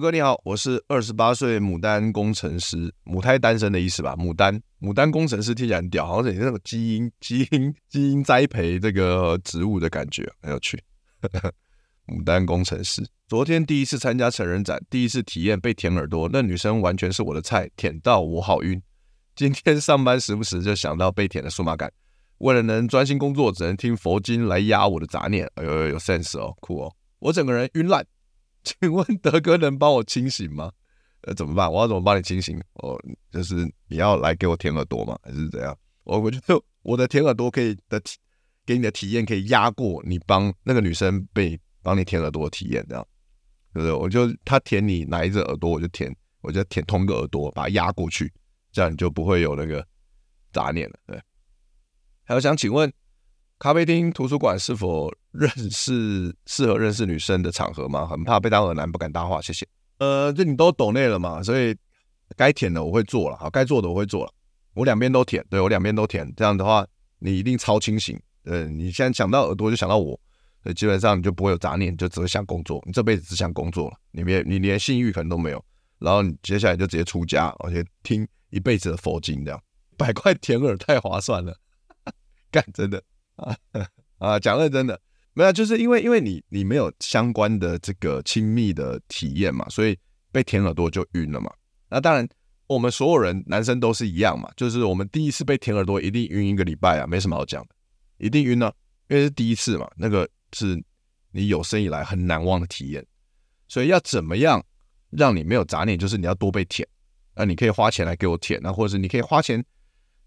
哥你好，我是二十八歲牡丹工程師，母胎單身的意思吧？牡丹，牡丹工程師聽起來很屌，好像是那個基因、基因、基因栽培這個植物的感覺，很有趣呵呵。牡丹工程師，昨天第一次參加成人展，第一次體驗被舔耳朵，那女生完全是我的菜，舔到我好暈。今天上班時不時就想到被舔的酥麻感，為了能專心工作，只能聽佛經來壓我的雜念。哎呦，有 sense 哦，酷哦，我整個人暈爛。請問德哥能幫我清醒嗎？呃，怎麼辦？我要怎麼幫你清醒？哦，就是你要來給我舔耳朵嗎？還是怎樣？我我覺得我的舔耳朵可以的體給你的體驗可以壓過你幫那個女生被幫你舔耳朵的體驗，這樣對不對？我就他舔你哪一隻耳朵我填，我就舔，我就舔同個耳朵，把它壓過去，這樣你就不會有那個雜念了。對，還有想請問。咖啡廳、圖書館是否認識適合認識女生的場合嗎？很怕被當耳男，不敢搭話。謝謝。呃，這你都 donate 了嘛？所以該舔的我會做了，好，該做的我會做了。我兩邊都舔，對，我兩邊都舔。這樣的話，你一定超清醒。呃，你現在想到耳朵就想到我，所以基本上你就不會有雜念，就只會想工作。你這輩子只想工作了，你別你連性慾可能都沒有。然後你接下來就直接出家，而且聽一輩子的佛經，這樣。百塊舔耳太划算了，幹真的。 啊，講認真的，沒有，就是因為因為你你沒有相關的這個親密的體驗嘛，所以被舔耳朵就暈了嘛。那當然，我們所有人男生都是一樣嘛，就是我們第一次被舔耳朵一定暈一個禮拜啊，沒什麼好講的，一定暈呢、啊，因為是第一次嘛，那個是你有生以來很難忘的體驗。所以要怎麼樣讓你沒有雜念，就是你要多被舔，那你可以花錢來給我舔啊，那或者是你可以花錢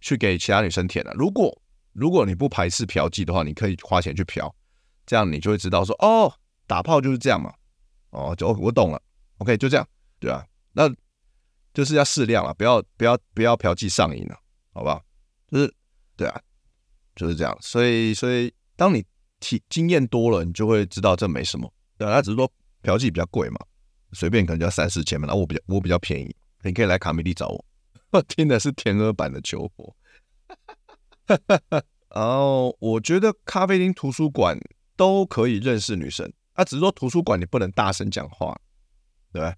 去給其他女生舔啊。如果如果你不排斥嫖妓的話，你可以花錢去嫖，這樣你就會知道說哦，打炮就是這樣嘛，哦，就我懂了，OK 就這樣，對啊，那就是要適量啊，不要不要不要嫖妓上癮了，好不好？就是對啊，就是這樣。所以所以當你體經驗多了，你就會知道這沒什麼，對啊，只是說嫖妓比較貴嘛，隨便可能就要三四千嘛，那、哦、我比較我比較便宜，你可以來卡米利找我。我聽的是天鵝版的求佛。然後、 oh, 我覺得咖啡廳、圖書館都可以認識女生，啊，只是說圖書館你不能大聲講話，對。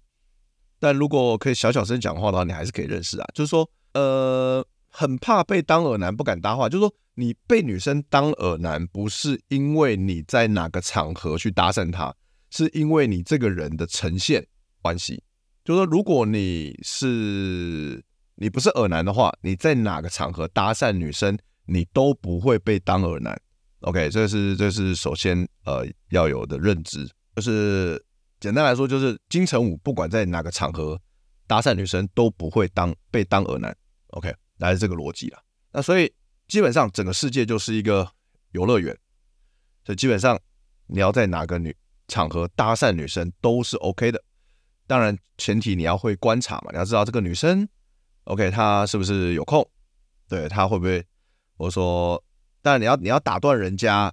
但如果可以小小聲講話的話，你還是可以認識啊。就是說，呃，很怕被當耳男，不敢搭話。就是說，你被女生當耳男，不是因為你在哪個場合去搭訕她，是因為你這個人的呈現關係。就是說，如果你是你不是耳男的話，你在哪個場合搭訕女生，你都不會被當耳男，OK，這是這是首先呃要有的認知，就是簡單來說就是金城武不管在哪個場合搭訕女生都不會當被當耳男，OK，來這個邏輯了。那所以基本上整個世界就是一個遊樂園，所以基本上你要在哪個女場合搭訕女生都是 OK 的，當然前提你要會觀察嘛，你要知道這個女生 OK，她是不是有空，對她會不會。我說，當然你要你要打斷人家，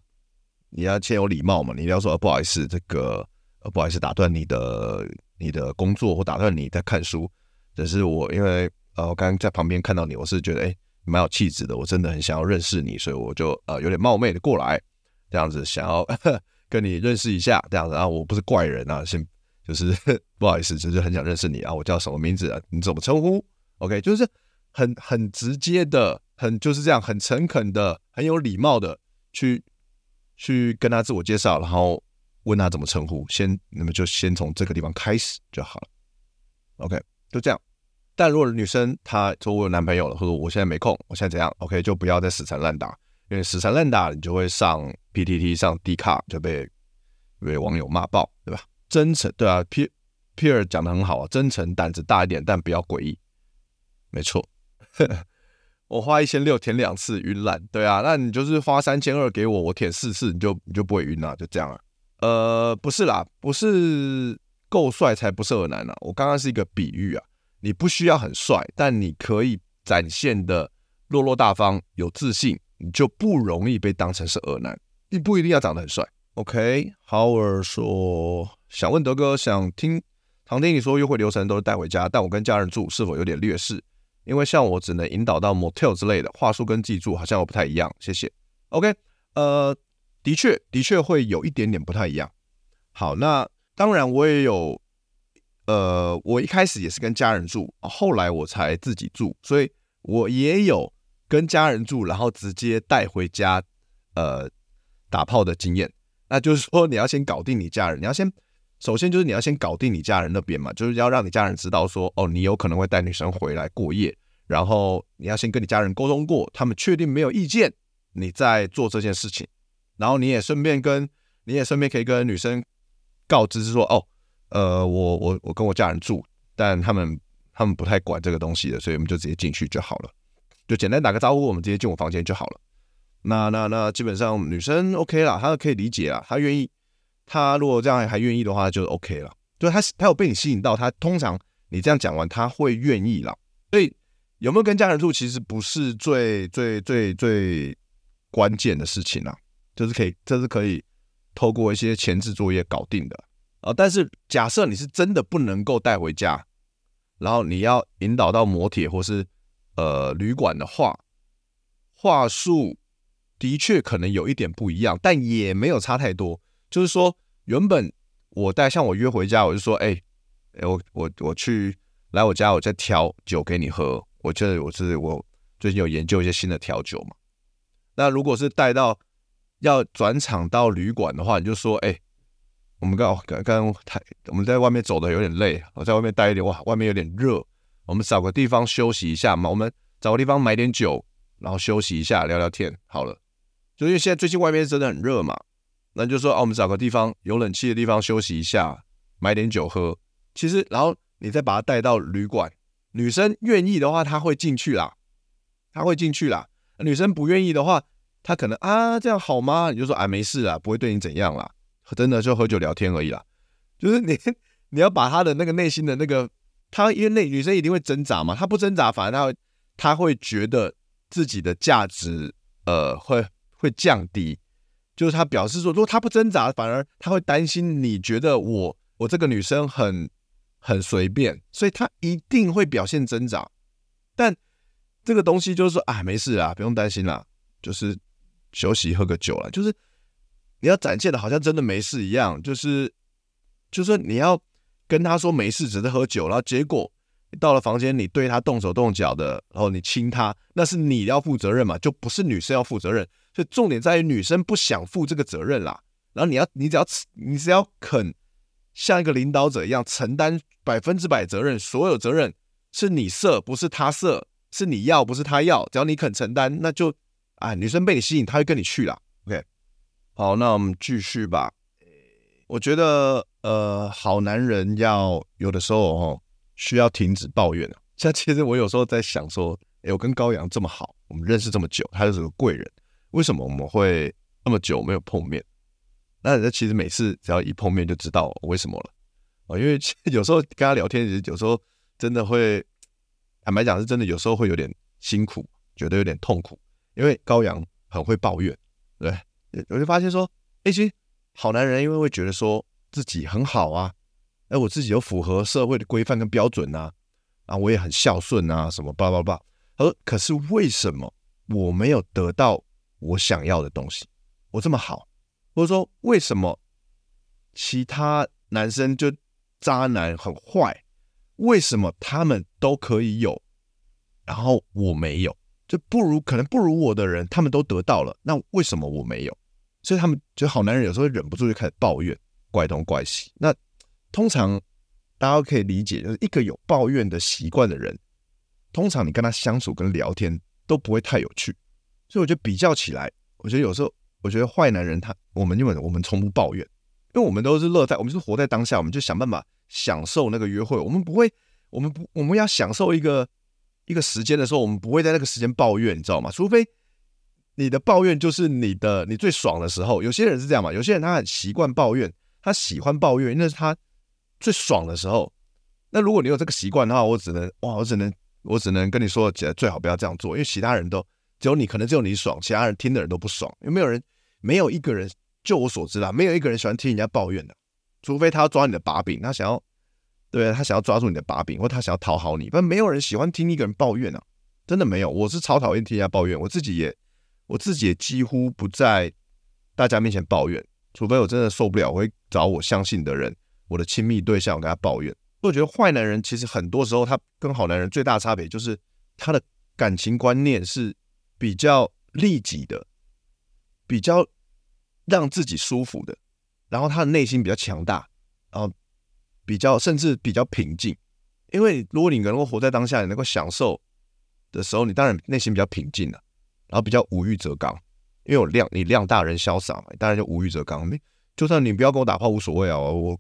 你要先有禮貌嘛。你一定要說，不好意思，這個，不好意思打斷你的你的工作或打斷你在看書。只是我因為呃，我剛剛在旁邊看到你，我是覺得哎，你蠻有氣質的。我真的很想要認識你，所以我就呃有點冒昧的過來，這樣子想要跟你認識一下。這樣子，啊，我不是怪人啊，先就是不好意思，就是很想認識你啊。我叫什麼名字啊，你怎麼稱呼？OK，就是很很直接的。很就是這樣，很誠懇的，很有禮貌的去去跟他自我介紹，然後問他怎麼稱呼，先那麼就先從這個地方開始就好了。OK，就這樣。但如果女生她說我有男朋友了，或者我現在沒空，我現在怎樣？OK，就不要再死纏爛打，因為死纏爛打你就會上 PTT 上 Dcard 就被被網友罵爆，對吧？真誠，對啊，Pierre、Pierre 講的很好啊，真誠，膽子大一點，但不要詭異，沒錯。呵呵。我花一千六舔兩次，暈爛，對啊，那你就是花三千二給我，我舔四次，你就你就不會暈了啊，就這樣啊。呃，不是啦，不是夠帥才不是惡男啊。我剛剛是一個比喻啊，你不需要很帥，但你可以展現得落落大方、有自信，你就不容易被當成是惡男。你不一定要長得很帥。OK，Howard 說想問德哥，想聽常聽你說約會流程都是帶回家，但我跟家人住是否有點劣勢？因為像我只能引導到 motel 之類的話術，跟自己住好像又不太一樣。謝謝。OK，呃，的確，的確會有一點點不太一樣。好，那當然我也有，呃，我一開始也是跟家人住，後來我才自己住，所以我也有跟家人住，然後直接帶回家，呃，打炮的經驗。那就是說，你要先搞定你家人，你要先。首先就是你要先搞定你家人那邊嘛，就是要讓你家人知道說，哦，你有可能會帶女生回來過夜，然後你要先跟你家人溝通過，他們確定沒有意見，你再做這件事情。然後你也順便跟，你也順便可以跟女生告知是說，哦，呃，我我我跟我家人住，但他們他們不太管這個東西的，所以我們就直接進去就好了，就簡單打個招呼，我們直接進我房間就好了。那那那基本上女生 OK 啦，她可以理解啊，她願意，他如果這樣還願意的話，就 OK 了。就他，他有被你吸引到，他通常你這樣講完，他會願意了。所以有沒有跟家人住，其實不是最最最最關鍵的事情啦、啊，就是可以，這是可以透過一些前置作業搞定的、呃、但是假設你是真的不能夠帶回家，然後你要引導到摩鐵或是呃旅館的話，話術的確可能有一點不一樣，但也沒有差太多。就是說，原本我帶像我約回家，我就說，哎，我我我去來我家，我再調酒給你喝。我覺得我是我最近有研究一些新的調酒嘛。那如果是帶到要轉場到旅館的話，你就說，哎，我們剛剛剛太，我們在外面走的有點累，我在外面待一點，哇，外面有點熱，我們找個地方休息一下嘛。我們找個地方買點酒，然後休息一下，聊聊天好了。就因為現在最近外面真的很熱嘛。那就說哦、啊，我們找個地方有冷氣的地方休息一下，買點酒喝。其實，然後你再把她帶到旅館，女生願意的話，她會進去啦，她會進去啦。女生不願意的話，她可能啊，這樣好嗎？你就說啊，沒事啦，不會對你怎樣啦，真的就喝酒聊天而已啦。就是你，你要把她的那個內心的那個，她因為那女生一定會掙扎嘛，她不掙扎，反而她會她會覺得自己的價值呃會會降低。就是他表示說，如果他不掙扎，反而他會擔心，你覺得我我這個女生很很隨便，所以他一定會表現掙扎。但這個東西就是說啊、哎，沒事啦，不用擔心啦，就是休息喝個酒啦，就是你要展現的好像真的沒事一樣，就是就是你要跟他說沒事，只是喝酒，然後結果到了房間，你對他動手動腳的，然後你親他，那是你要負責任嘛，就不是女生要負責任。就重點在於女生不想負這個責任啦，然後你要你只要你只要肯像一個領導者一樣承擔百分之百責任，所有責任是你設，不是他設，是你要，不是他要，只要你肯承擔，那就啊、哎，女生被你吸引，她會跟你去啦。OK，好，那我們繼續吧。我覺得呃，好男人要有的時候哦，需要停止抱怨啊。像其實我有時候在想說，哎，我跟高陽這麼好，我們認識這麼久，他就是個貴人。為什麼我們會那麼久沒有碰面？那人家其實每次只要一碰面就知道為什麼了啊，因為其實有時候跟他聊天，其實有時候真的會坦白講，是真的有時候會有點辛苦，覺得有點痛苦，因為高陽很會抱怨，對，我就發現說、欸，其實好男人因為會覺得說自己很好啊，哎，我自己又符合社會的規範跟標準吶、啊，啊，我也很孝順啊，什麼叭叭叭，而可是為什麼我沒有得到？我想要的東西，我這麼好，或者說為什麼其他男生就渣男很壞？為什麼他們都可以有，然後我沒有，就不如可能不如我的人，他們都得到了，那為什麼我沒有？所以他們就好男人有時候忍不住就開始抱怨，怪東怪西。那通常大家可以理解，就是一個有抱怨的習慣的人，通常你跟他相處跟聊天都不會太有趣。所以我覺得比較起來，我覺得有時候我覺得壞男人他，我們因為我們從不抱怨，因為我們都是樂在，我們是活在當下，我們就想辦法享受那個約會。我們不會，我們不，我們要享受一個一個時間的時候，我們不會在那個時間抱怨，你知道嗎？除非你的抱怨就是你的你最爽的時候。有些人是這樣嘛，有些人他很習慣抱怨，他喜歡抱怨，那是他最爽的時候。那如果你有這個習慣的話，我只能哇，我只能我只能跟你說，姐最好不要這樣做，因為其他人都。只有你可能只有你爽，其他人聽的人都不爽。有沒有人？沒有一個人，就我所知啦，沒有一個人喜歡聽人家抱怨的，除非他要抓你的把柄，他想要，對啊，他想要抓住你的把柄，或他想要討好你。不然沒有人喜歡聽一個人抱怨啊，真的沒有。我是超討厭聽人家抱怨，我自己也，我自己也幾乎不在大家面前抱怨，除非我真的受不了，我會找我相信的人，我的親密對象，我跟他抱怨。所以我覺得壞男人其實很多時候他跟好男人最大差別就是他的感情觀念是。比較利己的，比較讓自己舒服的，然後他的內心比較強大，然後比較甚至比較平靜。因為如果你能夠活在當下，你能夠享受的時候，你當然內心比較平靜了，啊，然後比較無欲則剛。因為我量你量大人瀟灑嘛，當然就無欲則剛。就算你不要跟我打炮無所謂啊，我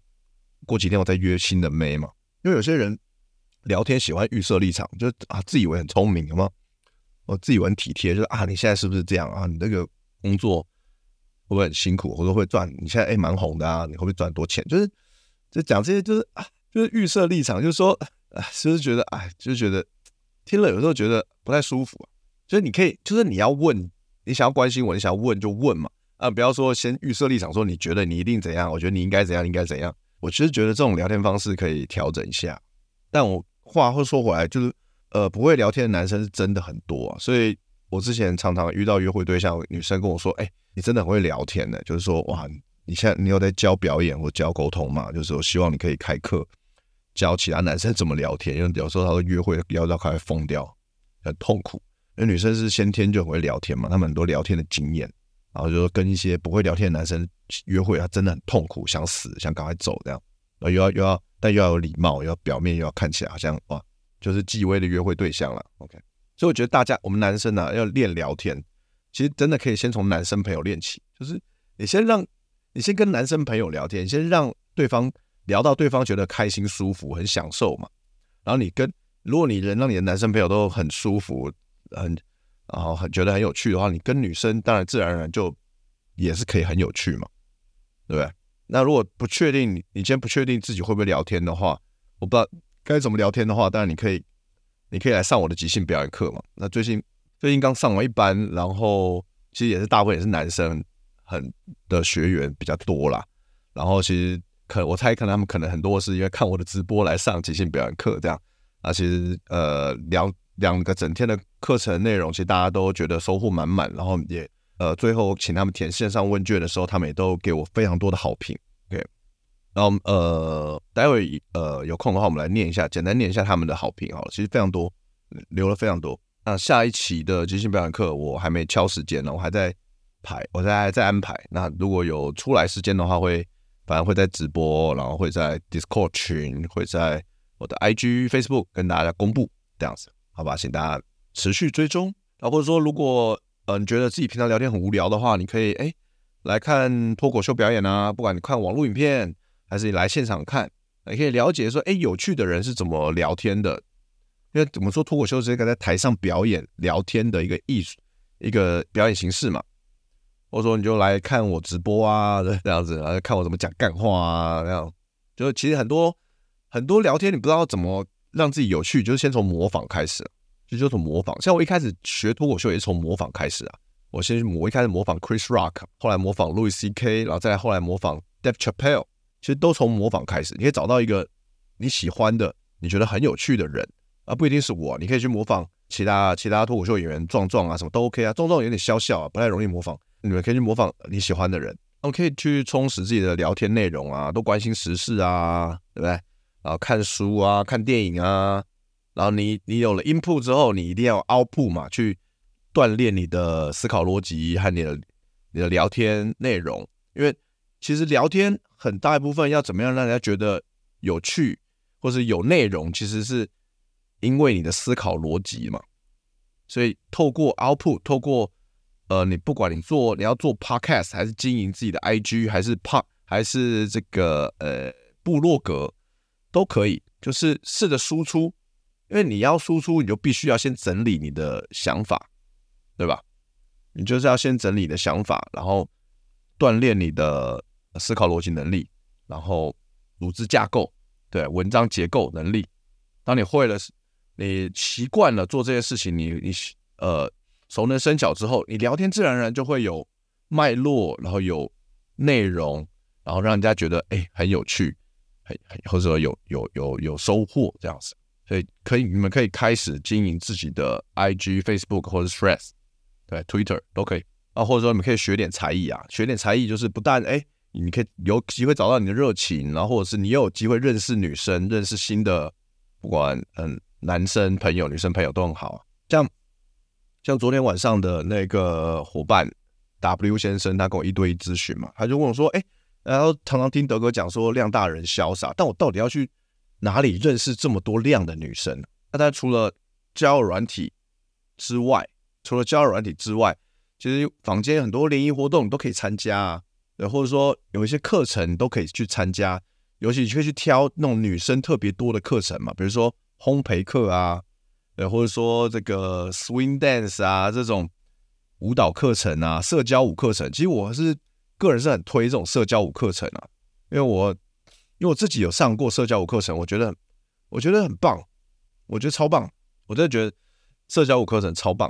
過幾天我再約新的妹嘛。因為有些人聊天喜歡預設立場，就啊自以為很聰明好嗎？我自己很體貼，就是啊，你現在是不是這樣啊？你那個工作會不會很辛苦？或者會賺，你現在誒，蠻、欸、紅的啊，你會不會賺很多錢？就是就講這些、就是，就是啊，就是預設立場，就是說，就是覺得就就覺得聽了有時候覺得不太舒服，就是你可以，就是你要問，你想要關心我，你想要問就問嘛，啊，不要說先預設立場，說你覺得你一定怎樣，我覺得你應該怎樣，應該怎樣。我其實覺得這種聊天方式可以調整一下，但我話會說回來，就是。呃，不會聊天的男生是真的很多啊，所以我之前常常遇到約會對象，女生跟我說：“哎，你真的很會聊天呢，就是說，哇，你現在你有在教表演或教溝通嘛？就是我希望你可以開課教其他男生怎麼聊天，因為有時候他說約會聊到快瘋掉，很痛苦。因為女生是先天就很會聊天嘛，他們很多聊天的經驗，然後就說跟一些不會聊天的男生約會，他真的很痛苦，想死，想趕快走這樣，然後又要又要，但又要有禮貌，要表面又要看起來好像哇。”就是細微的約會對象了，OK。所以我覺得大家，我們男生呢、啊、要練聊天，其實真的可以先從男生朋友練起。就是你先讓，你先跟男生朋友聊天，先讓對方聊到對方覺得開心、舒服、很享受嘛。然後你跟，如果你能讓你的男生朋友都很舒服、很，然後很覺得很有趣的話，你跟女生當然自然而然就也是可以很有趣嘛，對不對？那如果不確定你，你先不確定自己會不會聊天的話，我不知道。該怎麼聊天的話，當然你可以，你可以來上我的即興表演課嘛。那最近最近剛上完一班，然後其實也是大部分也是男生很的學員比較多啦，然後其實可我猜，可能他們可能很多是因為看我的直播來上即興表演課這樣啊。其實呃，兩兩個整天的課程內容，其實大家都覺得收穫滿滿。然後也呃，最後請他們填線上問卷的時候，他們也都給我非常多的好評。然後呃，待會呃有空的話，我們來念一下，簡單念一下他們的好評，好了，其實非常多，留了非常多。那下一期的即興表演課，我還沒敲時間呢，我還在排，我在在安排。那如果有出來時間的話會，會反正會在直播，然後會在 Discord 群，會在我的 IG、Facebook 跟大家公布這樣子，好吧？請大家持續追蹤。那或者說，如果呃你覺得自己平常聊天很無聊的話，你可以誒來看脫口秀表演啊，不管你看網絡影片。還是你來現場看，你可以了解說，哎，有趣的人是怎麼聊天的？因為怎麼說，脫口秀是一個在台上表演聊天的一個藝術，一個表演形式嘛。或者說，你就來看我直播啊，這樣子，然後看我怎麼講幹話啊，這樣。就是其實很多很多聊天，你不知道怎麼讓自己有趣，就是先從模仿開始，就就從模仿。像我一開始學脫口秀也是從模仿開始啊，我先去模，我一開始模仿 Chris Rock，後來模仿 Louis CK，然後再來後來模仿 Dave Chappelle。其實都從模仿開始，你可以找到一個你喜歡的、你覺得很有趣的人啊，不一定是我、啊，你可以去模仿其他其他脫口秀演員壯壯啊，什麼都 OK 啊。壯壯有點笑笑、啊，不太容易模仿，你們可以去模仿你喜歡的人。然、啊、們可以去充實自己的聊天內容啊，多關心時事啊，對不對？然後看書啊，看電影啊。然後你你有了 input 之後，你一定要 output 嘛，去鍛鍊你的思考邏輯和你的你的聊天內容，因為。其實聊天很大一部分要怎麼樣讓人家覺得有趣，或是有內容，其實是因為你的思考邏輯嘛。所以透過 output，透過呃，你不管你做你要做 podcast，還是經營自己的 IG，還是 pod，還是這個呃部落格，都可以，就是試着輸出。因為你要輸出，你就必須要先整理你的想法，對吧？你就是要先整理你的想法，然後鍛鍊你的。思考邏輯能力，然後組織架構，對，文章結構能力。當你會了，你習慣了做這些事情，你你呃熟能生巧之後，你聊天自然而然就會有脈絡，然後有內容，然後讓人家覺得哎很有趣，很很或者有有有有收穫這樣子。所以可以，你們可以開始經營自己的 IG、Facebook 或者 Threads，對 Twitter 都可以，啊，或者說你們可以學點才藝啊，學點才藝就是不但哎。誒你可以有機會找到你的熱情，然後或者是你又有機會認識女生，認識新的，不管嗯男生朋友、女生朋友都很好。像像昨天晚上的那個夥伴 W 先生，他跟我一對一諮詢嘛，他就問我說：“哎，然後常常聽德哥講說‘量大人瀟灑’，但我到底要去哪裡認識這麼多量的女生？那、啊、他除了交友軟體之外，除了交友軟體之外，其實坊間很多聯誼活動都可以參加啊。”對，或者說有一些課程都可以去參加，尤其你可以去挑那種女生特別多的課程嘛，比如說烘焙課啊，對，或者說這個 swing dance 啊這種舞蹈課程啊，社交舞課程。其實我是個人是很推這種社交舞課程啊，因為我因為我自己有上過社交舞課程，我覺得我覺得很棒，我覺得超棒，我真的覺得社交舞課程超棒，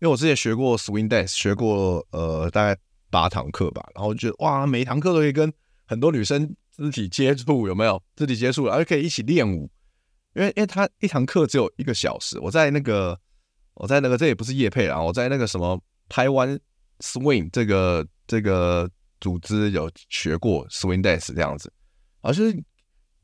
因為我之前學過 swing dance，學過呃大概。八堂課吧，然後覺得哇，每一堂課都可以跟很多女生肢體接觸，有沒有肢體接觸然，而且可以一起練舞，因為因為它一堂課只有一個小時。我在那個，我在那個，這也不是業配啊，我在那個什麼台灣 Swing 這個這個組織有學過 Swing Dance 這樣子，而，啊就是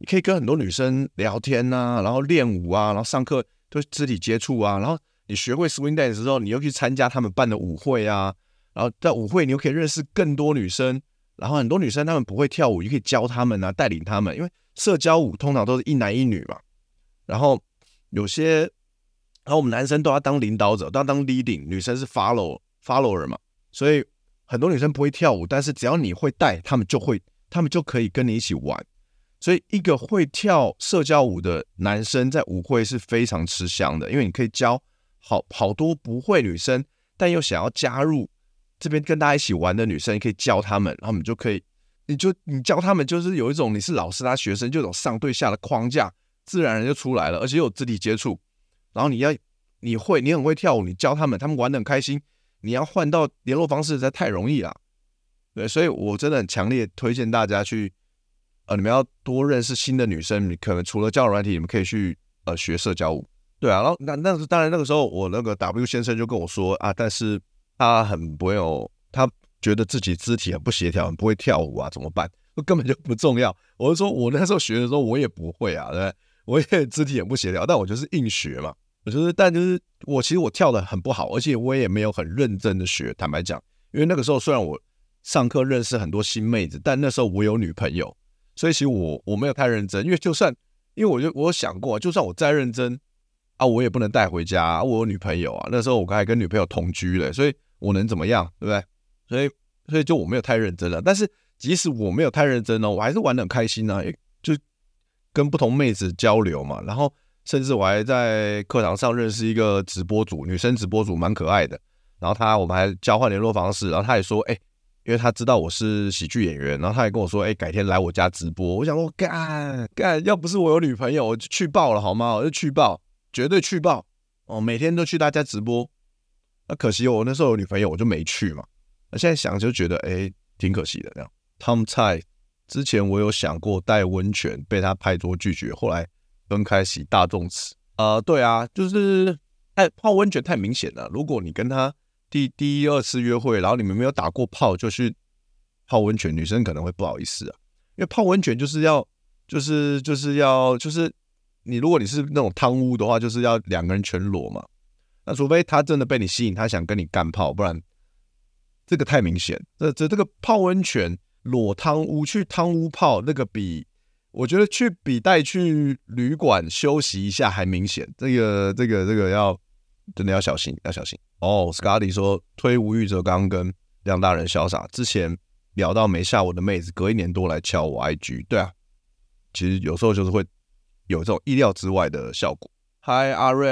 你可以跟很多女生聊天吶、啊，然後練舞啊，然後上課都肢體接觸啊，然後你學會 Swing Dance 之後，你又去參加他們辦的舞會啊。然後在舞會，你又可以認識更多女生。然後很多女生她們不會跳舞，你可以教她們啊，帶領她們。因為社交舞通常都是一男一女嘛。然後有些，然後我們男生都要當領導者，都要當 leading，女生是 follow，follower 嘛。所以很多女生不會跳舞，但是只要你會帶，她們就會，她們就可以跟你一起玩。所以一個會跳社交舞的男生在舞會是非常吃香的，因為你可以教好好多不會女生，但又想要加入。這邊跟大家一起玩的女生，你可以教他們，然後你就可以，你就你教他們，就是有一種你是老師，她學生，這種上對下的框架，自然而然就出來了，而且有肢體接觸。然後你要，你會，你很會跳舞，你教他們，他們玩得很開心，你要換到聯絡方式實在太容易了。對，所以我真的很強烈推薦大家去，呃，你們要多認識新的女生。你可能除了教軟體，你們可以去呃學社交舞。對啊，然後那那是當然那個時候，我那個 W 先生就跟我說啊，但是。他很不會有他覺得自己肢體很不協調，很不會跳舞啊，怎麼辦？根本就不重要。我就說，我那時候學的時候，我也不會啊，對，我也肢體很不協調，但我就是硬學嘛。我就是，但就是我其實我跳得很不好，而且我也沒有很認真的學。坦白講，因為那個時候雖然我上課認識很多新妹子，但那時候我有女朋友，所以其實我我沒有太認真。因為就算，因為我就我想過，就算我再認真啊，我也不能帶回家啊，我有女朋友啊。那時候我剛才跟女朋友同居了，所以。我能怎麼樣，對不對？所以，所以就我沒有太認真了。但是，即使我沒有太認真呢，我還是玩得很開心呢、啊欸。就跟不同妹子交流嘛，然後甚至我還在課堂上認識一個直播主，女生直播主蠻可愛的。然後她，我們還交換聯絡方式。然後她也說，哎、欸，因為她知道我是喜劇演員，然後她還跟我說，哎、欸，改天來我家直播。我想說：‘幹幹，要不是我有女朋友，我就去爆了，好嗎？我就去爆，絕對去爆。哦，每天都去她家直播。那可惜，我那時候有女朋友，我就沒去嘛。那現在想就覺得，哎，挺可惜的這樣。Tom 蔡之前我有想過帶溫泉，被他拍桌拒絕。後來分開洗大眾池。呃，對啊，就是哎，泡溫泉太明顯了。如果你跟他第第一次約會，然後你們沒有打過炮，就去泡溫泉，女生可能會不好意思啊。因為泡溫泉就是要就是就是要就是你如果你是那種湯屋的話，就是要兩個人全裸嘛。那除非他真的被你吸引，他想跟你幹炮，不然這個太明顯。這這這個泡溫泉、裸湯屋、去湯屋泡，那個比我覺得去比帶去旅館休息一下還明顯。這個這個這個要真的要小心，要小心。哦、oh，Scotty 說推吳玉哲剛跟量大人瀟灑之前聊到沒下我的妹子，隔一年多來敲我 IG。對啊，其實有時候就是會有這種意料之外的效果。Hi，阿潤，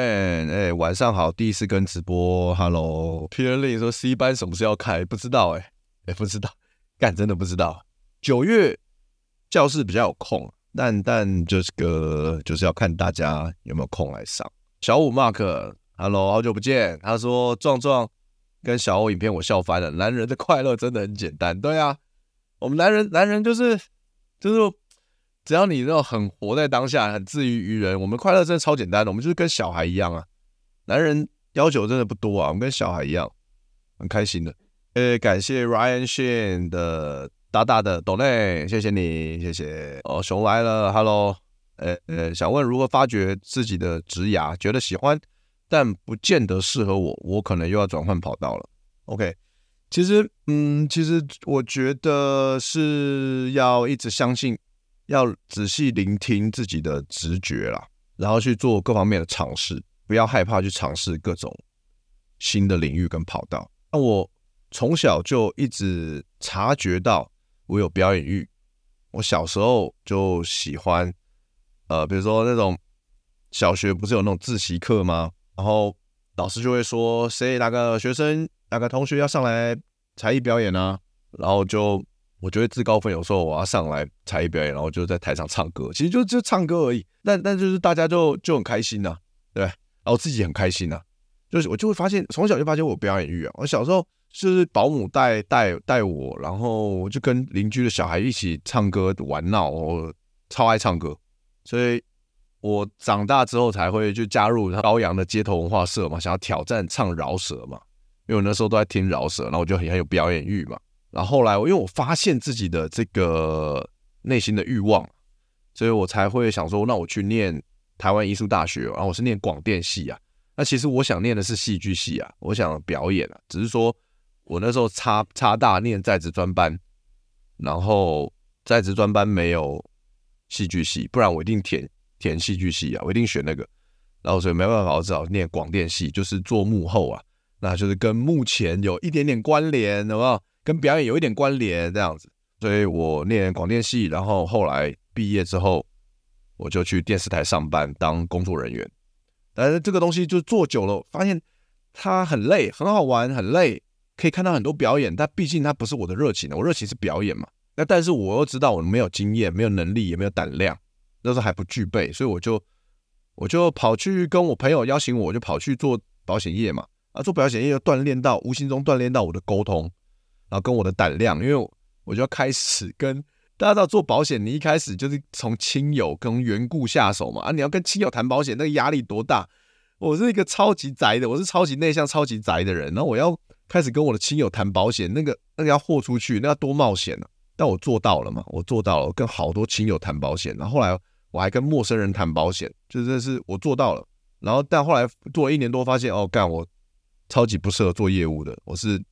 哎，晚上好，第一次跟直播，Hello，P 二說 C 班什麼時候要開？不知道、欸，哎，哎，不知道，幹真的不知道。九月教室比較有空，但但就是個，就是要看大家有沒有空來上。小五 Mark，Hello，好久不見，他說壯壯跟小歐影片我笑翻了，男人的快樂真的很簡單，對啊，我們男人男人就是就是。只要你那種很活在當下，很自娛娛人，我們快樂真的超簡單的，我們就是跟小孩一樣啊。男人要求真的不多啊，我們跟小孩一樣，很開心的。誒、欸，感謝 Ryan Shin 的大大的斗內謝謝你，謝謝。哦，熊來了，哈嘍，誒誒、欸欸，想問如何發掘自己的職涯？覺得喜歡，但不見得適合我，我可能又要轉換跑道了。OK，其實，嗯，其實我覺得是要一直相信。要仔細聆聽自己的直覺啦，然後去做各方面的嘗試，不要害怕去嘗試各種新的領域跟跑道。那我從小就一直察覺到我有表演欲，我小時候就喜歡，呃，比如說那種小學不是有那種自習課嗎？然後老師就會說，誰，哪個學生，哪個同學要上來才藝表演啊，然後就。我覺得自告奮勇說我要上來才藝表演，然後就在台上唱歌，其實就就唱歌而已。但、但但就是大家就就很開心吶、啊，對，然後自己很開心吶、啊。就是我就會發現，從小就發現我表演欲啊。我小時候就是保姆帶帶帶我，然後就跟鄰居的小孩一起唱歌玩鬧。我超愛唱歌，所以我長大之後才會就加入高陽的街頭文化社嘛，想要挑戰唱饒舌嘛。因為我那時候都在聽饒舌，然後我就很有表演欲嘛。然後後來，我因為我發現自己的這個內心的欲望，所以我才會想說，那我去念台灣藝術大學，然後我是念廣電系啊。那其實我想念的是戲劇系啊，我想表演啊，只是說我那時候插插大念在職專班，然後在職專班沒有戲劇系，不然我一定填填戲劇系啊，我一定選那個。然後所以沒辦法，我只好念廣電系，就是做幕後啊，那就是跟目前有一點點關聯，好不好？跟表演有一點關聯這樣子，所以我念廣電系，然後後來畢業之後，我就去電視台上班當工作人員。但是這個東西就做久了，發現它很累，很好玩，很累，可以看到很多表演，但畢竟它不是我的熱情，我熱情是表演嘛。那但是我又知道我沒有經驗，沒有能力，也沒有膽量，那時候還不具備，所以我就我就跑去跟我朋友邀請我，我，就跑去做保險業嘛。啊，做保險業又鍛鍊到，無形中鍛鍊到我的溝通。然後跟我的膽量，因為我就要開始跟大家知道做保險，你一開始就是從親友跟緣故下手嘛啊，你要跟親友談保險，那個壓力多大？我是一個超級宅的，我是超級內向、超級宅的人。然後我要開始跟我的親友談保險，那個那個要豁出去，那要多冒險啊！但我做到了嘛，我做到了，跟好多親友談保險。然後後來我還跟陌生人談保險，就這是我做到了。然後但後來做了一年多，發現哦，幹我超級不適合做業務的，我是。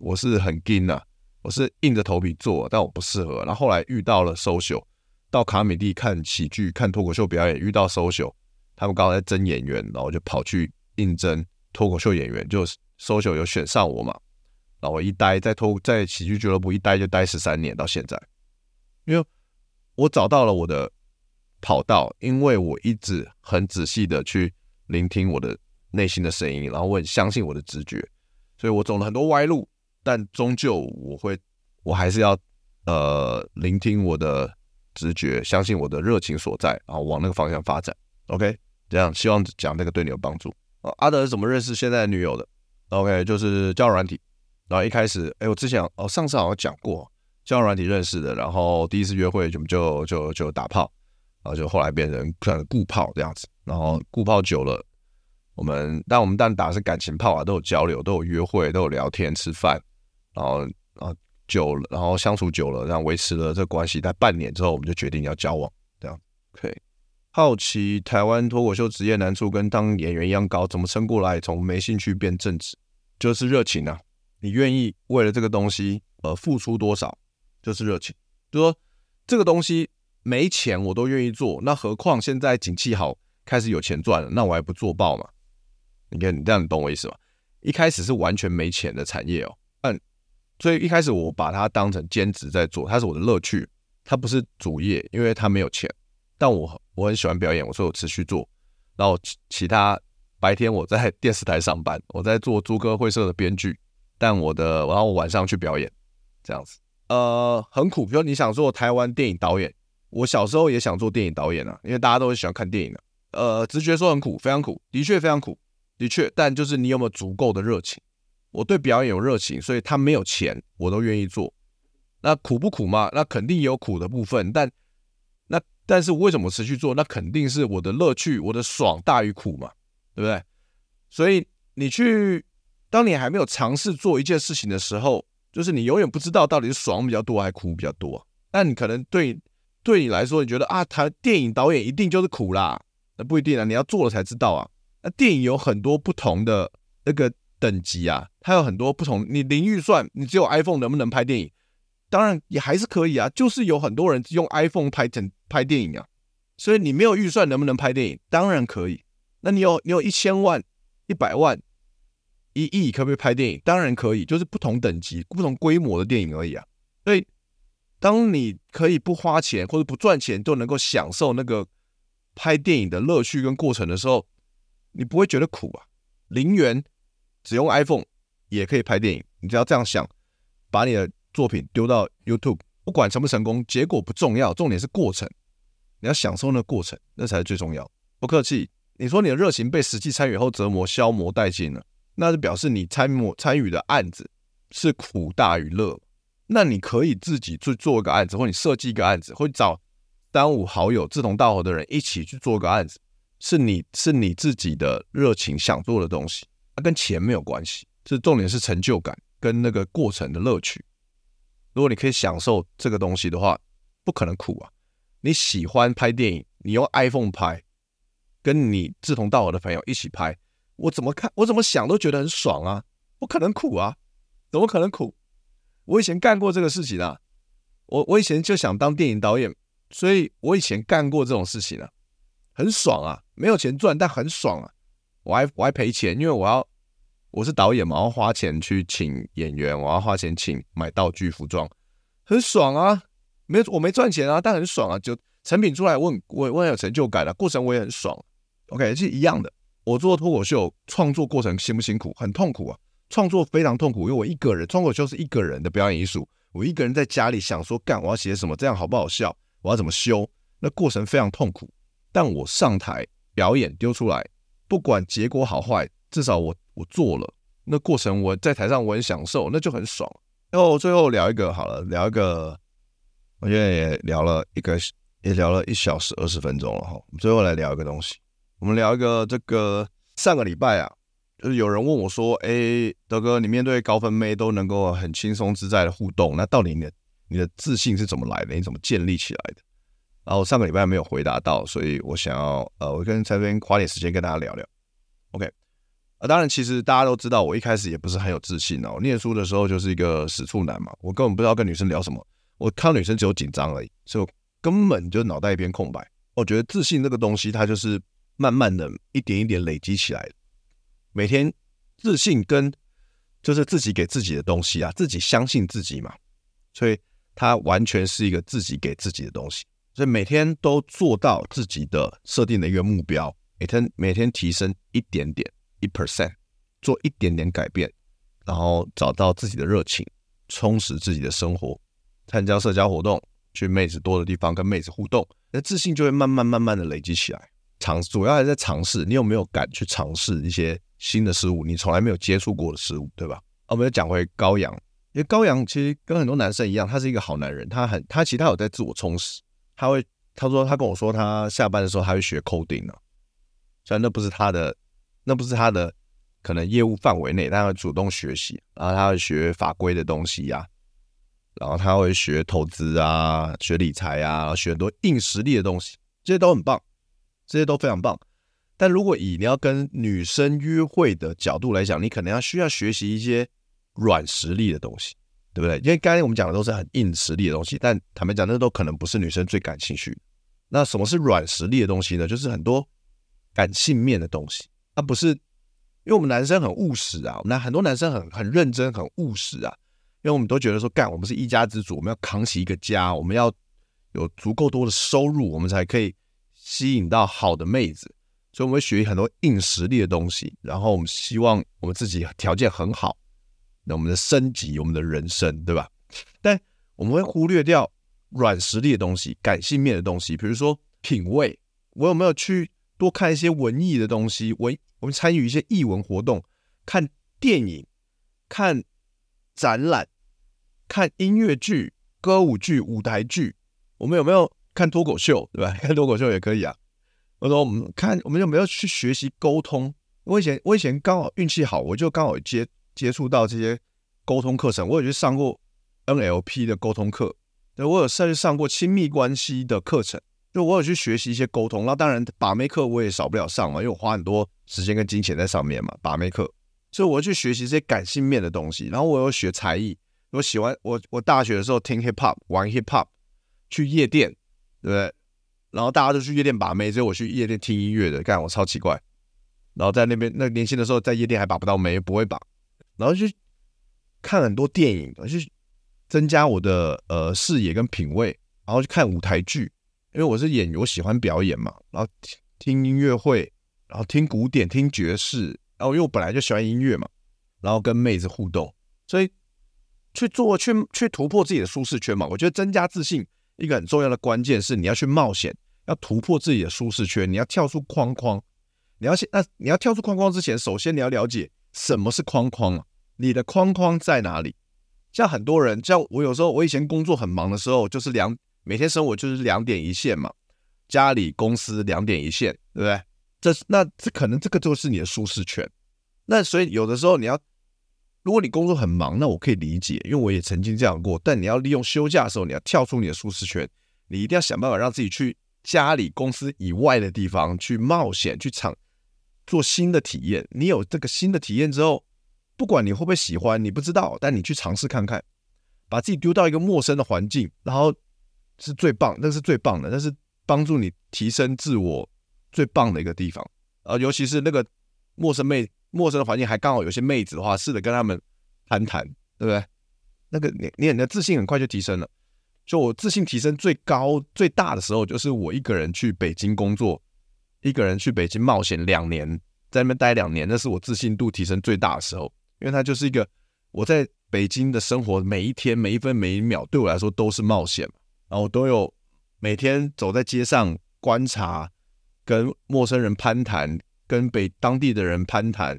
我是很勁啊，我是硬着頭皮做，但我不適合。然後後來遇到了 social 到卡米地看喜劇、看脫口秀表演，遇到 social 他們剛好在徵演員，然後就跑去應徵脫口秀演員，就 social 有選上我嘛。然後我一待在脫在喜劇俱樂部一待就待十三年到現在，因為我找到了我的跑道，因為我一直很仔細的去聆聽我的內心的聲音，然後我很相信我的直覺，所以我走了很多歪路。但終究我會，我還是要呃聆聽我的直覺，相信我的熱情所在，然後往那個方向發展。OK，這樣希望講這個對你有幫助。哦，阿德是怎麼認識現在的女友的？OK，就是交友軟體。然後一開始，哎，我之前哦上次好像講過交友軟體認識的。然後第一次約會就就就就打炮，然後就後來變成可能固炮這樣子。然後固炮久了，我們但我們但打的是感情炮啊，都有交流，都有約會，都有聊天、吃飯。然後啊，久了，然後相處久了，然後維持了這個關係，在半年之後，我們就決定要交往，這樣。OK。好奇台灣脫口秀職業難處跟當演員一樣高，怎麼撐過來？從沒興趣變正職，就是熱情啊！你願意為了這個東西呃付出多少，就是熱情。就是、說這個東西沒錢我都願意做，那何況現在景氣好，開始有錢賺了，那我還不做爆嘛？你看你這樣，你懂我意思嗎？一開始是完全沒錢的產業哦，但。所以一開始我把它當成兼職在做，它是我的樂趣，它不是主業，因為它沒有錢。但我我很喜歡表演，所以我持續做。然後其他白天我在電視台上班，我在做豬哥會社的編劇，但我的，然後我晚上去表演，這樣子。呃，很苦。比如你想做台灣電影導演，我小時候也想做電影導演啊，因為大家都很喜歡看電影啊。呃，直覺說很苦，非常苦，的確非常苦，的確。但就是你有沒有足夠的熱情？我對表演有熱情，所以他沒有錢，我都願意做。那苦不苦嘛？那肯定有苦的部分，但那但是為什麼持續做？那肯定是我的樂趣，我的爽大於苦嘛，對不對？所以你去，當你還沒有嘗試做一件事情的時候，就是你永遠不知道到底是爽比較多還是苦比較多。那你可能對對你來說，你覺得啊，他電影導演一定就是苦啦，那不一定啊，你要做了才知道啊。那電影有很多不同的那個。等級啊，它有很多不同。你零預算，你只有 iPhone 能不能拍電影？當然也還是可以啊，就是有很多人用 iPhone 拍成拍電影啊。所以你沒有預算能不能拍電影？當然可以。那你有你有一千萬、一百萬、一億，可不可以拍電影？當然可以，就是不同等級、不同規模的電影而已啊。所以，當你可以不花錢或者不賺錢就能夠享受那個拍電影的樂趣跟過程的時候，你不會覺得苦啊。零元。使用 iPhone 也可以拍電影，你只要這樣想，把你的作品丟到 YouTube，不管成不成功，結果不重要，重點是過程，你要享受那過程，那才是最重要。不客氣，你說你的熱情被實際參與後折磨、消磨殆盡了，那就表示你參參與的案子是苦大於樂。那你可以自己去做一個案子，或你設計一個案子，或找三五好友、志同道合的人一起去做一個案子，是你是你自己的熱情想做的東西。跟錢沒有關係，這重點是成就感跟那個過程的樂趣。如果你可以享受這個東西的話，不可能苦啊！你喜歡拍電影，你用 iPhone 拍，跟你志同道合的朋友一起拍，我怎麼看，我怎麼想都覺得很爽啊！不可能苦啊，怎麼可能苦？我以前幹過這個事情啊，我我以前就想當電影導演，所以我以前幹過這種事情啊，很爽啊，沒有錢賺，但很爽啊！我還我還賠錢，因為我要。我是導演嘛，我要花錢去請演員，我要花錢請買道具、服裝，很爽啊！沒有，我沒賺錢啊，但很爽啊！就成品出來我，我我很有成就感了，啊，過程我也很爽。OK，是一樣的。我做脫口秀創作過程辛不辛苦？很痛苦啊，創作非常痛苦，因為我一個人，脫口秀是一個人的表演藝術，我一個人在家裡想說乾，我要寫什麼，這樣好不好笑？我要怎麼修？那過程非常痛苦，但我上台表演丟出來，不管結果好壞，至少我。我做了，那過程我在台上我很享受，那就很爽。然後我最後聊一個好了，聊一個，我現在也聊了一個，也聊了一小時二十分鐘了哈。我們最後來聊一個東西，我們聊一個這個上個禮拜啊，就是有人問我說：“哎，德哥，你面對高分妹都能夠很輕鬆自在的互動，那到底你的你的自信是怎麼來的？你怎麼建立起來的？”然後上個禮拜沒有回答到，所以我想要呃，我跟這邊花點時間跟大家聊聊。OK。啊，當然，其實大家都知道，我一開始也不是很有自信哦、啊。念書的時候就是一個死處男嘛，我根本不知道跟女生聊什麼，我看到女生只有緊張而已，所以我根本就腦袋一片空白。我覺得自信這個東西，它就是慢慢的一點一點累積起來的。每天自信跟就是自己給自己的東西啊，自己相信自己嘛，所以它完全是一個自己給自己的東西。所以每天都做到自己的設定的一個目標，每天每天提升一點點。一 percent，做一點點改變，然後找到自己的熱情，充實自己的生活，參加社交活動，去妹子多的地方跟妹子互動，那自信就會慢慢慢慢的累積起來。嘗主要還是在嘗試，你有沒有敢去嘗試一些新的事物，你從來沒有接觸過的事物，對吧？啊，我們又講回高陽，因為高陽其實跟很多男生一樣，他是一個好男人，他很他其實他有在自我充實，他會他說他跟我說他下班的時候他會學 coding 呢、啊，雖然那不是他的。那不是他的可能業務範圍內，他要主動學習，然後他會學法規的東西呀、啊，然後他會學投資啊，學理財啊，學很多硬實力的東西，這些都很棒，這些都非常棒。但如果以你要跟女生約會的角度來講，你可能要需要學習一些軟實力的東西，對不對？因為剛才我們講的都是很硬實力的東西，但坦白講，那都可能不是女生最感興趣。那什麼是軟實力的東西呢？就是很多感性面的東西。啊，不是，因為我們男生很務實啊，我們很多男生很很認真，很務實啊。因為我們都覺得說，幹，我們是一家之主，我們要扛起一個家，我們要有足夠多的收入，我們才可以吸引到好的妹子。所以我們會學很多硬實力的東西，然後我們希望我們自己條件很好，那我們的升級，我們的人生，對吧？但我們會忽略掉軟實力的東西，感性面的東西，比如說品味，我有沒有去？多看一些文藝的東西，文，我們參與一些藝文活動，看電影、看展覽、看音樂劇、歌舞劇、舞台劇。我們有沒有看脫口秀，對吧？看脫口秀也可以啊。我說我們看，我們有沒有去學習溝通？我以前我以前剛好運氣好，我就剛好接接觸到這些溝通課程。我有去上過 NLP 的溝通課，對，我有上去上過親密關係的課程。就我有去學習一些溝通，那當然把妹課我也少不了上嘛，因為我花很多時間跟金錢在上面嘛，把妹課，所以我要去學習這些感性面的東西。然後我又學才藝，我喜歡我我大學的時候聽 hip hop，玩 hip hop，去夜店，對不對？然後大家都去夜店把妹，只有我去夜店聽音樂的，幹，我超奇怪。然後在那邊那年輕的時候，在夜店還把不到妹，不會把，然後去看很多電影，去增加我的呃視野跟品味，然後去看舞台劇。因為我是演員，我喜歡表演嘛，然後聽聽音樂會，然後聽古典，聽爵士，然後因為我本來就喜歡音樂嘛，然後跟妹子互動，所以去做去去突破自己的舒適圈嘛。我覺得增加自信一個很重要的關鍵是你要去冒險，要突破自己的舒適圈，你要跳出框框。你要先，那你要跳出框框之前，首先你要了解什麼是框框啊？你的框框在哪裡？像很多人，像我有時候，我以前工作很忙的時候，就是兩。每天生活就是兩點一線嘛，家裡、公司兩點一線，對不對？這、那、這可能這個就是你的舒適圈。那所以有的時候你要，如果你工作很忙，那我可以理解，因為我也曾經這樣過。但你要利用休假的時候，你要跳出你的舒適圈，你一定要想辦法讓自己去家裡、公司以外的地方去冒險、去嘗做新的體驗。你有這個新的體驗之後，不管你會不會喜歡，你不知道，但你去嘗試看看，把自己丟到一個陌生的環境，然後。是最棒，那是最棒的，那是幫助你提升自我最棒的一個地方啊、呃！尤其是那個陌生妹、陌生的環境，還剛好有些妹子的話，試着跟他們談談，對不對？那個你，你的自信，很快就提升了。就我自信提升最高、最大的時候，就是我一個人去北京工作，一個人去北京冒險兩年，在那邊待兩年，那是我自信度提升最大的時候，因為它就是一個我在北京的生活，每一天、每一分、每一秒，對我來說都是冒險。然後都有每天走在街上觀察，跟陌生人攀談，跟北當地的人攀談，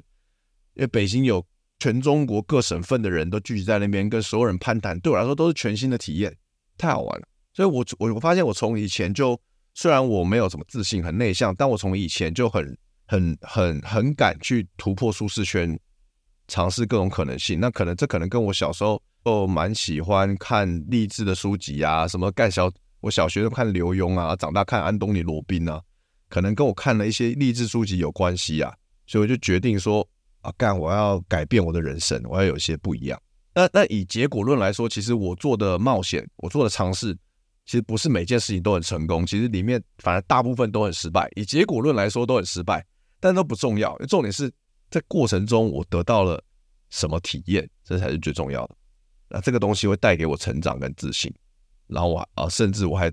因為北京有全中國各省份的人都聚集在那邊，跟所有人攀談，對我來說都是全新的體驗，太好玩了。所以我，我我我發現我從以前就，雖然我沒有什麼自信，很內向，但我從以前就很很很很敢去突破舒適圈，嘗試各種可能性。那可能這可能跟我小時候。就蠻喜歡看勵志的書籍啊，什麼幹小我小學都看劉墉啊，長大看安東尼羅賓啊，可能跟我看了一些勵志書籍有關係啊，所以我就決定說啊幹我要改變我的人生，我要有一些不一樣。那那以結果論來說，其實我做的冒險，我做的嘗試，其實不是每件事情都很成功，其實裡面反而大部分都很失敗。以結果論來說都很失敗，但都不重要，重點是在過程中我得到了什麼體驗，這才是最重要的。那這個東西會帶給我成長跟自信，然後我啊，甚至我還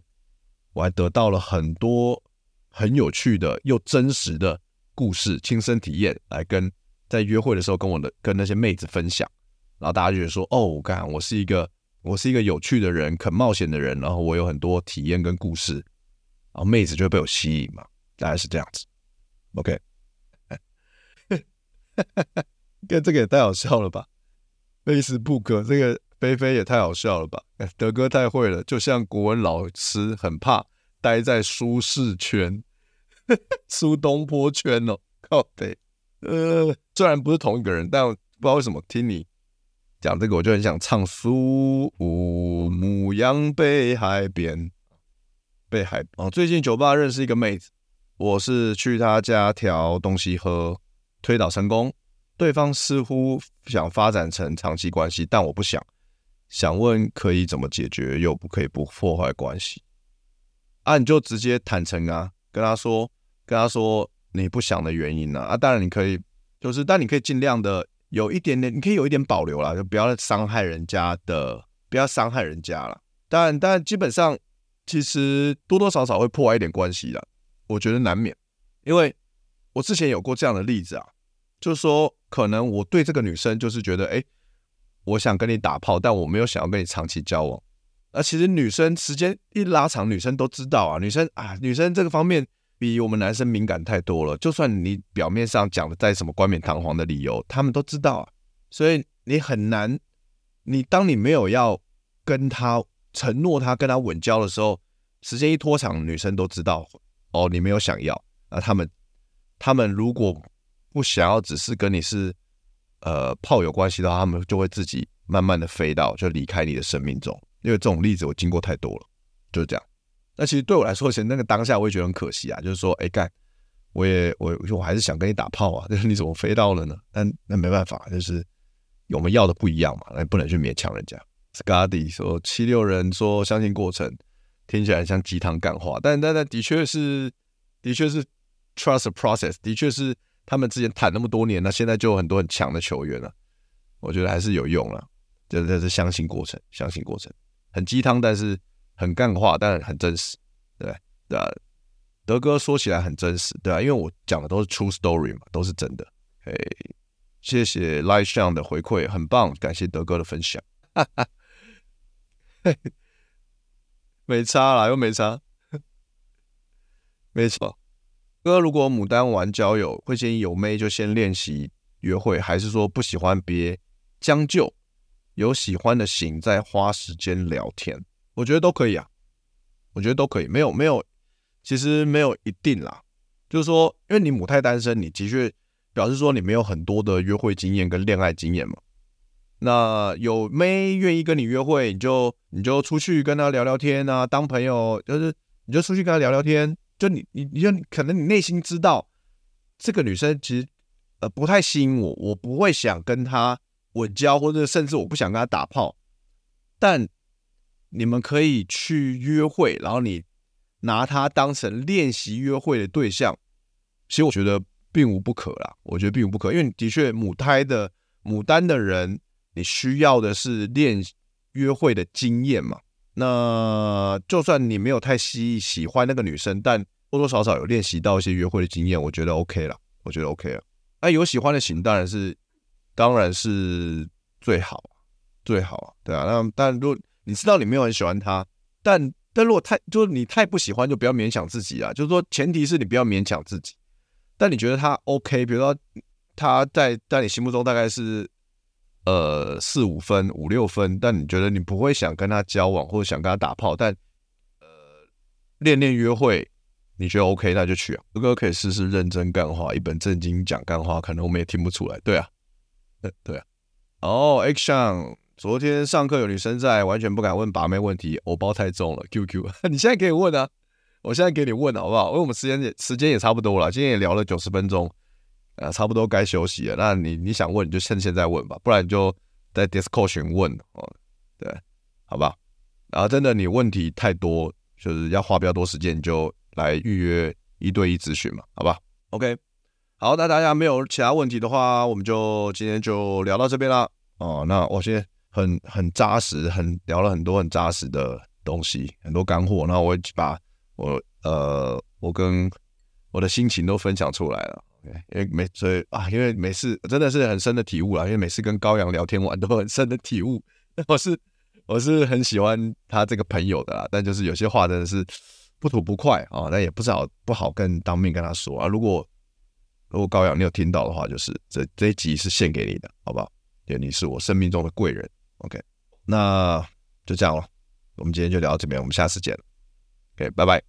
我還得到了很多很有趣的又真實的故事、親身體驗，來跟在約會的時候跟我的跟那些妹子分享，然後大家就覺得說哦，我幹，我是一個我是一個有趣的人，肯冒險的人，然後我有很多體驗跟故事，然後妹子就會被我吸引嘛，大概是這樣子。OK，跟 這個也太好笑了吧，Facebook 這個。菲菲也太好笑了吧！哎，德哥太會了，就像國文老師很怕待在舒適圈， 蘇東坡圈哦。靠，對，呃，雖然不是同一個人，但我不知道為什麼聽你講這個，我就很想唱《蘇武牧羊》。北海邊，北海哦，最近酒吧認識一個妹子，我是去她家調東西喝，推倒成功。對方似乎想發展成長期關係，但我不想。想問可以怎麼解決，又不可以不破壞關係啊？你就直接坦誠啊，跟他說，跟他說你不想的原因呢？啊、啊，當然你可以，就是但你可以盡量的有一點點，你可以有一點保留啦，就不要傷害人家的，不要傷害人家了。當然，基本上其實多多少少會破壞一點關係的，我覺得難免，因為我之前有過這樣的例子啊，就是說可能我對這個女生就是覺得哎、欸。我想跟你打炮，但我沒有想要跟你長期交往。那其實女生時間一拉長，女生都知道啊。女生啊，女生這個方面比我們男生敏感太多了。就算你表面上講的再什麼冠冕堂皇的理由，她們都知道啊。所以你很難，你當你沒有要跟他承諾，他跟他穩交的時候，時間一拖長，女生都知道哦，你沒有想要。那、啊、他們，他們如果不想要，只是跟你是。呃，炮有關係的話，他們就會自己慢慢的飛到，就離開你的生命中。因為這種例子我經過太多了，就是這樣。那其實對我來說，其實那個當下我也覺得很可惜啊，就是說，哎、欸、幹，我也我我還是想跟你打炮啊，但是你怎麼飛到了呢？但那沒辦法，就是我們要的不一樣嘛，那不能去勉強人家。Scotty 說，七六人說相信過程，聽起來像雞湯幹話，但但但的確是，的確是 trust the process，的確是。他們之前談那麼多年，那現在就有很多很強的球員了，我覺得還是有用了。這這是相信過程，相信過程，很雞湯，但是很幹話，但很真實，對，對啊，德哥說起來很真實，對啊，因為我講的都是 true story 嘛，都是真的。嘿、hey，謝謝 Light Show 的回饋，很棒，感謝德哥的分享。哈哈，沒差啦，又沒差，沒錯。哥，如果母胎玩交友，會建議有妹就先練習約會，還是說不喜歡別將就，有喜歡的型再花時間聊天？我覺得都可以啊，我覺得都可以，沒有沒有，其實沒有一定啦。就是說，因為你母胎單身，你的確表示說你沒有很多的約會經驗跟戀愛經驗嘛。那有妹願意跟你約會，你就你就出去跟她聊聊天啊，當朋友，就是你就出去跟她聊聊天。就你你你就可能你內心知道這個女生其實呃不太吸引我，我不會想跟她穩交，或者甚至我不想跟她打炮。但你們可以去約會，然後你拿她當成練習約會的對象，其實我覺得並無不可啦。我覺得並無不可，因為的確，母胎的牡丹的人，你需要的是練約會的經驗嘛。那就算你沒有太喜喜歡那個女生，但多多少少有練習到一些約會的經驗，我覺得 OK 了。我覺得 OK 了。那、哎、有喜歡的型當然是，當然是最好，最好，啊，對啊。那但如果你知道你沒有很喜歡他，但但如果太就是你太不喜歡，就不要勉強自己啊。就是說前提是你不要勉強自己。但你覺得他 OK？比如說他在在你心目中大概是？呃，四五分、五六分，但你覺得你不會想跟他交往或者想跟他打炮，但呃，練練約會，你覺得 OK，那就去啊。如果可以試試認真幹話，一本正經講幹話，可能我們也聽不出來。對啊，對啊。哦、oh，Action，昨天上課有女生在，完全不敢問把妹問題，偶包太重了。QQ， 你現在可以問啊，我現在給你問好不好？因為我們時間也時間也差不多了，今天也聊了九十分鐘。啊，差不多該休息了。那你你想問，你就趁現在問吧，不然你就在 Discord 詢問哦。對，好吧。然後真的你問題太多，就是要花比較多時間，就來預約一對一諮詢嘛，好吧？OK，好，那大家沒有其他問題的話，我們就今天就聊到這邊啦。哦、嗯，那我現在很很扎實，很聊了很多很扎實的東西，很多乾貨。那我一起把我呃，我跟我的心情都分享出來了。Okay，因為每所以啊，因為每次真的是很深的體悟啦。因為每次跟高陽聊天完，都很深的體悟。我是我是很喜歡他這個朋友的啦，但就是有些話真的是不吐不快啊，那、哦、也不是好不好跟當面跟他說啊。如果如果高陽你有聽到的話，就是這這一集是獻給你的，好不好？對，你是我生命中的貴人。OK，那就這樣了，我們今天就聊到這邊，我們下次見。OK，拜拜。